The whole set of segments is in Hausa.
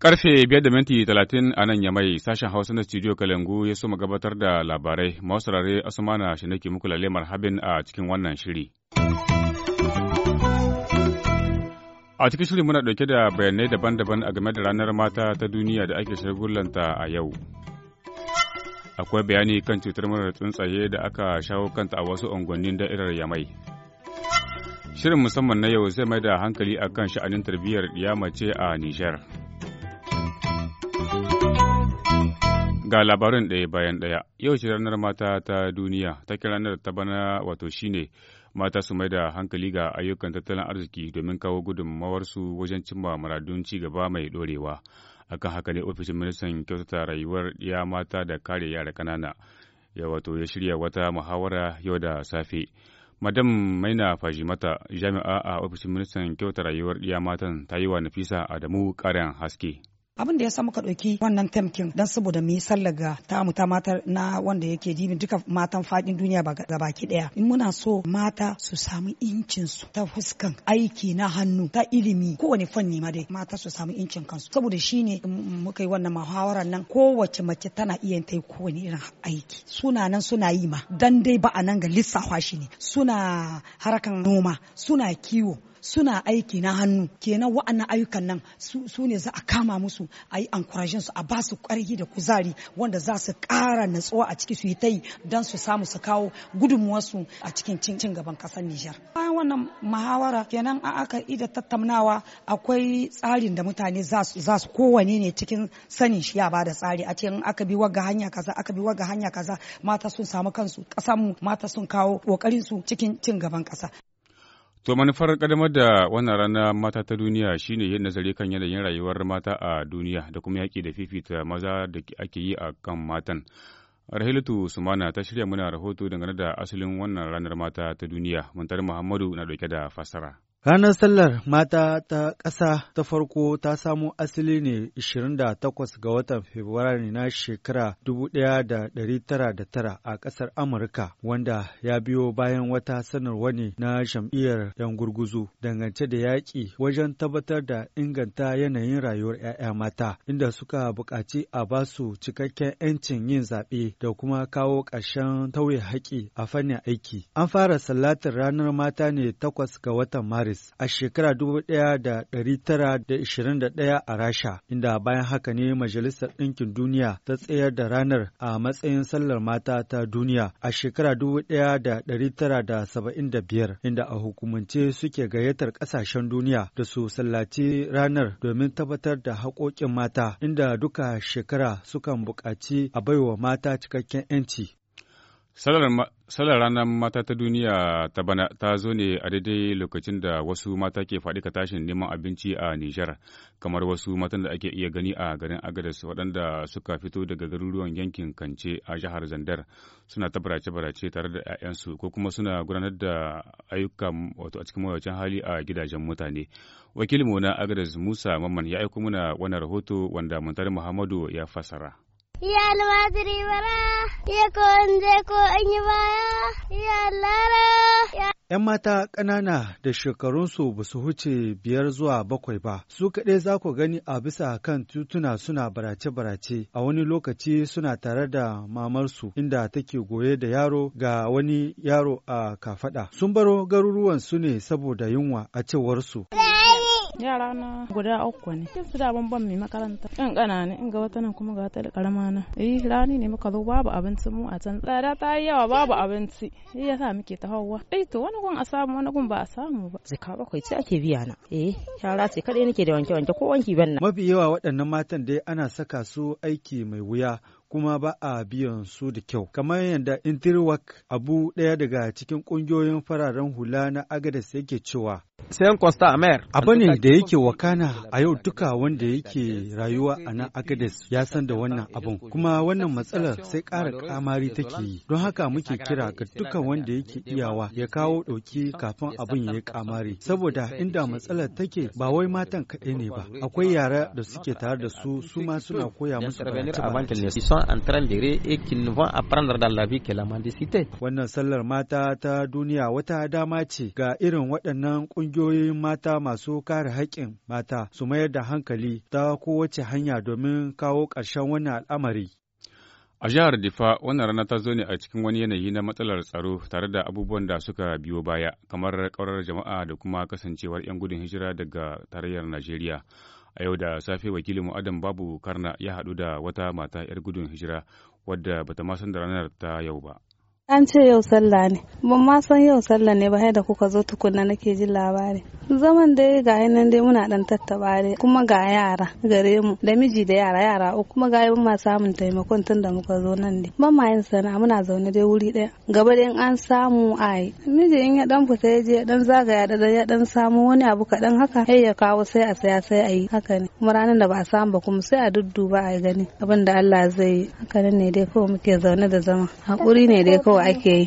Karfe biyar da minti talatin a nan yamai sashen Hausa na studio Kalangu ya soma gabatar da labarai. Masu rare Asumana shi nake muku lalemar habin a cikin wannan shiri. A cikin shiri muna ɗauke da bayanai daban-daban a game da ranar mata ta duniya da ake shagulanta a yau. akwai bayani kan cutar marar tsuntsaye da aka shawo kanta a wasu unguwannin da'irar yamai shirin musamman na yau zai mai da hankali a kan sha'anin tarbiyyar mace a nijar ga labarin ɗaya bayan ɗaya yau ce ranar mata ta duniya ta ranar ta bana wato shine mata su mai da hankali ga ayyukan tattalin arziki domin kawo gudunmawarsu wajen cimma muradun ci gaba mai ɗorewa akan haka ne ofishin ministan kyautata rayuwar ɗiya mata da kare yara kanana ya wato ya shirya wata muhawara yau da safe madam maina fajimata jami'a a ofishin ministan kyauta rayuwar ɗiya matan ta yi wa nafisa adamu ƙarin haske abin da ya sa muka ɗauki wannan tamkin don saboda mu yi sallar ga tamu ta mata na wanda yake jibin duka matan faɗin duniya ba baki ɗaya in muna so mata su samu incin su ta fuskan aiki na hannu ta ilimi kowane fanni ma dai mata su samu incin kansu saboda shi ne muka yi wannan muhawarar nan kowace mace tana iya ta yi kowane irin aiki suna nan suna yi ma dan dai ba a nan ga lissafa shi ne suna harkan noma suna kiwo suna aiki na hannu kenan wa'annan ayyukan nan su ne za a kama musu a yi ankurajin su a ba su ƙarfi da kuzari wanda za su ƙara natsuwa a ciki su yi ta yi don su samu su kawo gudunmuwarsu a cikin cin gaban ƙasar Nijar. Bayan wannan muhawara kenan an aka ida tattaunawa akwai tsarin da mutane za su kowane ne cikin sanin shi ya ba da tsari a cikin aka bi wagga hanya kaza aka bi wagga hanya kaza mata sun samu kansu mata sun kawo ƙoƙarinsu su cikin cin gaban ƙasa. To manufar kadamar da wannan rana mata ta duniya shine yin nazari kan yanayin rayuwar mata a duniya da kuma yaƙi da fifita maza da ake yi a kan matan. Rahilatu Sumana ta shirya muna rahoto dangane da asalin wannan ranar mata ta duniya. Muntar Muhammadu na dauke da fassara. Ranar Sallar Mata ta ƙasa ta farko ta samo asali ne 28 ga watan Fabrairu na shekara 1909 a ƙasar Amurka, wanda ya biyo bayan wata sanarwa ne na jam'iyyar 'yan gurguzu dangance da yaƙi wajen tabbatar da inganta yanayin rayuwar 'ya'ya mata, inda suka buƙaci a basu cikakken 'yancin yin zaɓe da kuma kawo ƙarshen tauye haƙƙi a fannin aiki. An fara sallatar ranar mata ne 8 ga watan Maris. Paris a shekara 1921 a Rasha, inda bayan haka ne Majalisar Ɗinkin Duniya ta tsayar da ranar a matsayin sallar mata ta duniya a shekara 1975, inda a hukumance suke gayyatar ƙasashen duniya da su sallaci ranar domin tabbatar da haƙoƙin mata, inda duka shekara sukan buƙaci a baiwa mata cikakken 'yanci. Salar ranar mata ta duniya ta bana ta zo ne a daidai lokacin da wasu mata ke faɗi ka tashin neman abinci a Nijar, kamar wasu matan da ake iya gani a garin Agadas waɗanda suka fito daga garuruwan yankin Kance a jihar Zandar suna ta barace-barace tare da 'ya'yansu ko kuma suna gudanar da ayyuka wato a cikin mawuyacin hali a gidajen mutane. Wakilinmu na Agadas Musa Mamman ya aiko mana wannan rahoto wanda Muntari Muhammadu ya fasara. iya almajiri bara iya ko in ko in baya lara 'Yan mata ƙanana da shekarunsu ba su huce biyar zuwa bakwai ba, su kaɗai za ku gani a bisa kan tituna suna barace-barace, a wani lokaci suna tare da mamarsu inda take goye da yaro ga wani yaro a kafaɗa. Sun baro garuruwansu ne saboda yunwa a cewarsu. yara na guda uku ne kin su da bamban mai makaranta in kana ne in ga wata nan kuma ga wata karama na eh rani ne muka zo babu abinci mu a can tsada ta yi yawa babu abinci eh yasa muke ta hawa dai eh, to wani gun a samu wani gun ba a samu ba zaka bakwai ce ake biya na eh yara ce kadai nake da wanke wanke ko wanki ban na mafi yawa waɗannan matan dai ana saka su aiki mai wuya kuma ba a biyan su da kyau. Kamar yadda Intirwak Abu ɗaya daga cikin ƙungiyoyin fararen hula na agades yake cewa. Sayan Costa Amer. Abu ne da yake wakana a yau duka wanda yake rayuwa a nan ya san da wannan abun. Kuma wannan matsalar sai ƙara kamari take yi. Don haka muke kira ga duka wanda yake iyawa ya kawo ɗauki kafin abin ya yi kamari. Saboda inda matsalar take ba wai matan kaɗai ne ba. Akwai yara da suke tare da su su ma suna koya musu karatu. sont en train de rire et vont apprendre dans la Wannan sallar mata ta duniya wata dama ce ga irin waɗannan ƙungiyoyin mata masu kare haƙƙin mata su mayar da hankali ta kowace hanya domin kawo ƙarshen wannan al'amari. A jihar Difa, wannan rana ta zo ne a cikin wani yanayi na matsalar tsaro tare da abubuwan da suka biyo baya, kamar ƙaurar jama'a da kuma kasancewar 'yan gudun hijira daga tarayyar Najeriya. a yau da safe wakilin adam babu karna ya haɗu da wata mata 'yar gudun hijira wadda bata ma san da ranar ta yau ba an ce yau sallah ne ban ma san yau sallah ne ba da kuka zo tukunna nake jin labari zaman dai ga nan dai muna dan tattaba dai kuma ga yara gare mu da miji da yara yara uku kuma ga ban ma samun taimakon tun da muka zo nan dai ban ma yin sana'a muna zaune dai wuri daya gaba dai an samu ai miji in ya dan fita ya je dan zagaya da ya dan samu wani abu kadan haka sai ya kawo sai a saya sai a yi haka ne kuma ranar da ba a samu ba kuma sai a dudduba a gani abin da Allah zai yi haka ne dai kawai muke zaune da zama hakuri ne dai kawai ake yi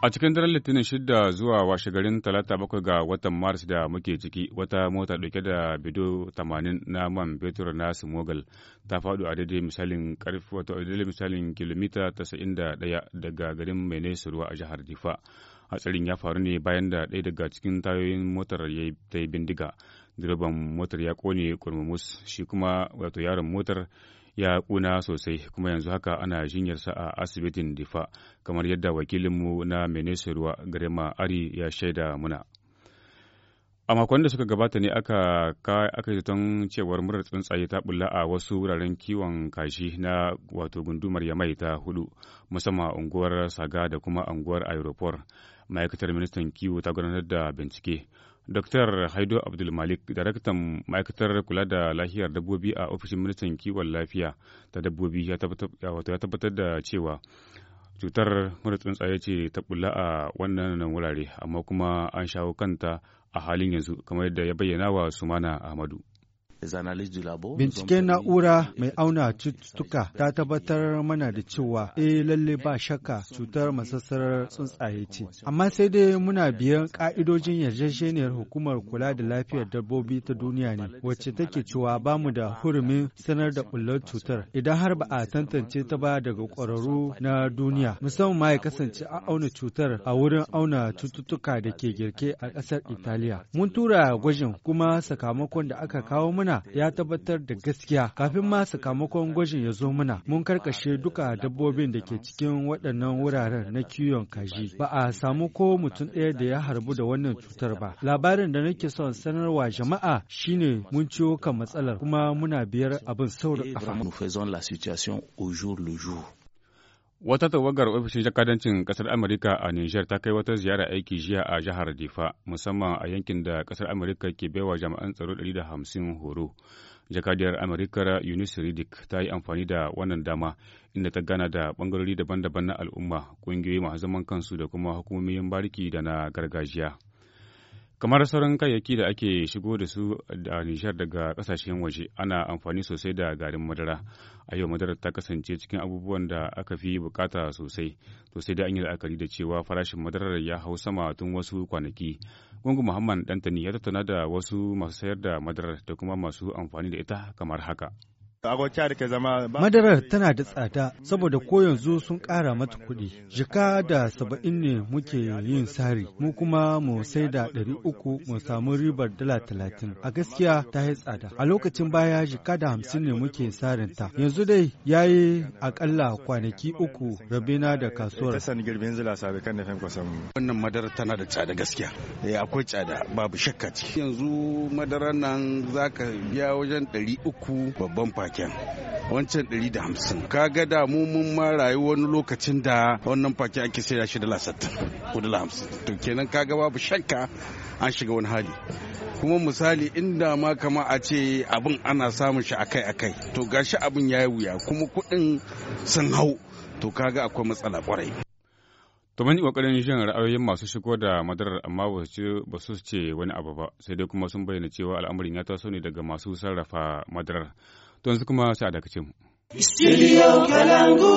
A cikin daren Litinin shida zuwa washegarin talata bakwai ga watan Maris da muke ciki wata mota dauke da bido tamanin na man fetur na Simogal ta faɗo a daidai misalin karfi wato a daidai misalin kilomita ɗaya daga garin Mene ruwa a jihar Difa. Hatsarin ya faru ne bayan da ɗaya daga cikin tayoyin motar ya ta yi bindiga. Direban motar ya kone kurmumus shi kuma wato yaron motar ya kuna sosai kuma yanzu haka ana jinyarsa a asibitin difa kamar yadda wakilinmu na ruwa garema ari ya shaida muna a makon da suka gabata ne aka aka zaton cewar murar tsuntsaye ta bulla a wasu wuraren kiwon kashi na wato gundumar yamai ta hudu musamman unguwar saga da kuma unguwar aeroport ma'aikatar ministan kiwo ta gudanar da bincike Dr. Haido Abdulmalik, daraktan ma'aikatar kula da lafiyar dabbobi a ofishin ministan kiwon lafiya ta dabbobi ya tabbatar da cewa cutar mura tsuntsaye ce ta bulla a wannan wurare amma kuma an shawo kanta a halin yanzu kamar yadda ya bayyana wa Sumana Ahmadu. Binciken na'ura mai auna cututtuka ta tabbatar mana da cewa eh lalle ba shakka cutar masassarar tsuntsaye ce. Amma sai dai muna biyan ka'idojin yarjejeniyar hukumar kula da lafiyar dabbobi ta duniya ne wacce take cewa ba mu da hurumin sanar da bullar cutar idan har ba a tantance ta ba daga ƙwararru na duniya musamman ma ya kasance an auna cutar a wurin auna cututtuka da ke girke a ƙasar Italiya. Mun tura gwajin kuma sakamakon da aka kawo mana mana ya tabbatar da gaskiya kafin ma sakamakon gwajin ya zo muna mun karkashe duka dabbobin da ke cikin waɗannan wuraren na kiwon kaji ba a samu ko mutum ɗaya da ya harbu da wannan cutar ba labarin da nake son sanarwa jama'a shine mun ciwo kan matsalar kuma muna biyar abin sauri a kafa Wata tawagar ofishin jakadancin ƙasar Amurka a Nijar ta kai wata ziyara aiki jiya a jihar Difa, musamman a yankin da ƙasar Amurka ke baiwa jami'an tsaro 150 horo. Jakadiyar Amurka Yunus ta yi amfani da wannan dama inda ta gana da ɓangarori daban-daban na al'umma, ƙungiyoyi masu zaman kansu da kuma hukumomin bariki da na gargajiya. kamar sauran kayayyaki da ake shigo da su da nishar daga kasashen waje ana amfani sosai da garin madara a yau madarar ta kasance cikin abubuwan da aka fi bukata sosai sosai da an yi la'akari da cewa farashin madarar ya hau sama tun wasu kwanaki gungun muhammad dantani ya tattauna da wasu masu sayar da madarar da kuma masu amfani da ita kamar haka agwacha da ke zama madarar tana da tsada saboda ko yanzu sun ƙara mata kuɗi jika da saba'in ne muke yin sari mu kuma mu sai da ɗari uku mu samu ribar dala talatin a gaskiya ta yi tsada a lokacin baya jika da hamsin ne muke sarin ta yanzu dai ya yi aƙalla kwanaki uku rabina da kasuwar wannan madarar tana da tsada gaskiya eh, akwai tsada babu shakka yanzu madarar nan zaka biya wajen ɗari uku babban fa faken wancan 150 ga da mu mun ma rayu wani lokacin da wannan faki ake sayar shi dala 60 ko dala 50 to kenan ka ga babu shakka an shiga wani hali kuma misali inda ma kama a ce abin ana samun shi akai-akai to gashi abin ya yi wuya kuma kuɗin sun hau to ga akwai matsala kwarai to mun yi kokarin jin ra'ayoyin masu shigo da madarar amma ba su ce wani abu ba sai dai kuma sun bayyana cewa al'amarin ya taso ne daga masu sarrafa madarar don su kuma sai a dakace mu. Studio Kalangu.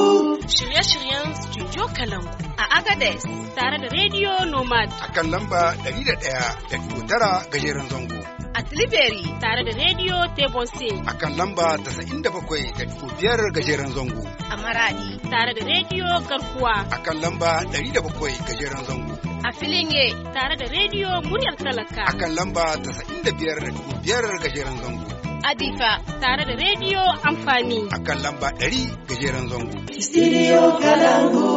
Shirye-shiryen Studio Kalangu a Agades tare da Radio Nomad. A kan lamba 101.9 gajeren zango. A Tilibiri tare da Radio Tebose. A kan lamba 97.5 gajeren zango. A Maradi tare da Radio Garkuwa. A kan lamba 107 gajeren zango. A Filinge tare da Radio Muryar Talaka. A kan lamba 95.5 gajeren zango. adifa tare da rediyo amfani. A kan lamba 100 gajeren zango. Studio Kalangu.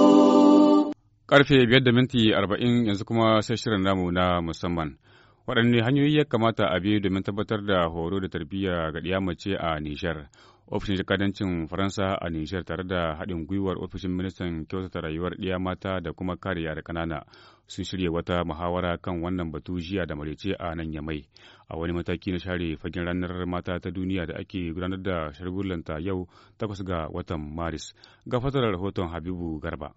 Karfe biyar da minti arba'in yanzu kuma sai shirin namu na musamman. Waɗanne hanyoyi ya kamata a bi domin tabbatar da horo da tarbiyya ga ɗiya mace a Nijar. ofishin jakadancin faransa a nishiyar tare da haɗin gwiwar ofishin ministan kyautata rayuwar ɗiya mata da kuma kare yara ƙanana sun shirya wata muhawara kan wannan batu jiya da marece a nan yamai a wani mataki na share fagen ranar mata ta duniya da ake gudanar da shagulanta yau takwas ga watan maris ga fasarar rahoton habibu garba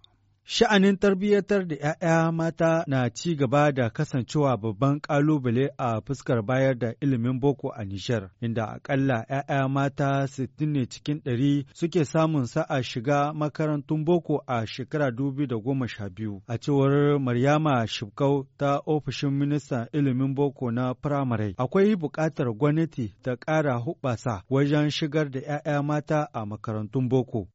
Sha'anin tarbiyyatar da ‘ya'ya mata na ci gaba da kasancewa babban ƙalubale a fuskar bayar da ilimin boko a Nijar, inda akalla ‘ya'ya mata 60 ne cikin 100 suke samun sa'a shiga makarantun boko a shekara 2012. A cewar Maryama Shibkau ta ofishin ministan ilimin boko na firamare, akwai buƙatar gwamnati ta ƙara hubasa wajen shigar da ‘ya'ya mata a makarantun boko.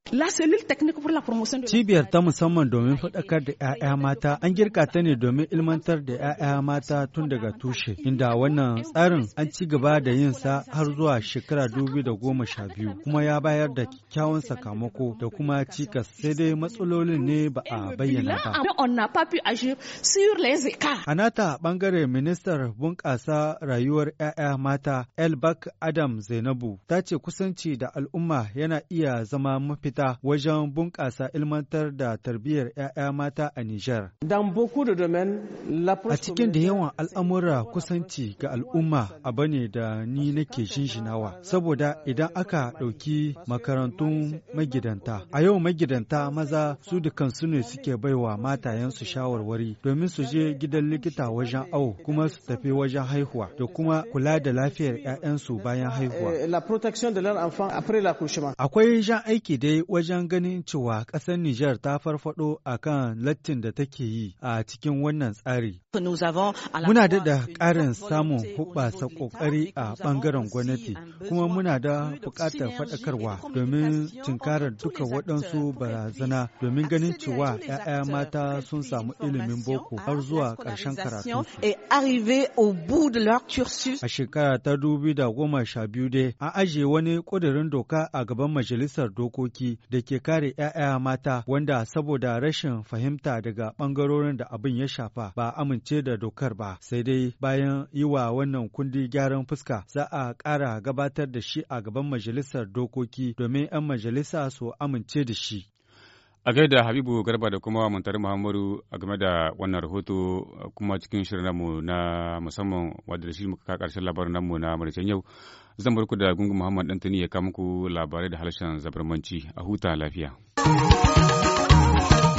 Cibiyar ta musamman don domin faɗakar da 'ya'ya mata an girka ta ne domin ilmantar da 'ya'ya mata tun daga tushe inda wannan tsarin an ci gaba da yin sa har zuwa shekara goma sha biyu, kuma ya bayar da kyakkyawan sakamako da kuma cikas sai dai matsalolin ne ba a bayyana ba. A nata bangare ministar bunƙasa rayuwar 'ya'ya mata Elbak Adam Zainabu ta ce kusanci da al'umma yana iya zama mafita wajen bunƙasa ilmantar da tarbiyyar 'ya'ya mata a Nijar. A cikin da yawan al'amura kusanci ga al'umma a bane da ni nake shinshinawa, saboda idan aka ɗauki makarantun magidanta. A yau magidanta maza su da kansu ne suke baiwa matayensu shawarwari domin su je gidan likita wajen awo kuma su tafi wajen haihuwa da kuma kula da lafiyar 'ya'yansu bayan haihuwa. Akwai jan aiki dai wajen ganin cewa ƙasar Nijar ta farfado a kan lattin da take yi a cikin wannan tsari. Muna da ƙarin samun hubasa ƙoƙari a ɓangaren gwamnati, kuma muna da buƙatar faɗakarwa domin tunkarar duka waɗansu barazana domin ganin cewa 'ya'ya mata sun samu ilimin boko har zuwa ƙarshen karatu. A shekara ta dubi da dai, an ajiye wani ƙudurin doka a gaban majalisar dokoki da ke kare 'ya'ya mata wanda saboda rashin fahimta daga bangarorin da abin ya shafa ba amince da dokar ba, sai dai bayan yi wa wannan kundi gyaran fuska za a kara gabatar da shi a gaban majalisar dokoki domin 'yan majalisa su amince da shi. A gaida Habibu Garba da kuma mantar Muhammadu a game da wannan rahoto kuma cikin shirin namu na musamman wadda da shi muka ka karshen labarin namu na maricen yau zan barku da gungun Muhammad Dantani ya kama maku labarai da harshen zabarmanci a huta lafiya.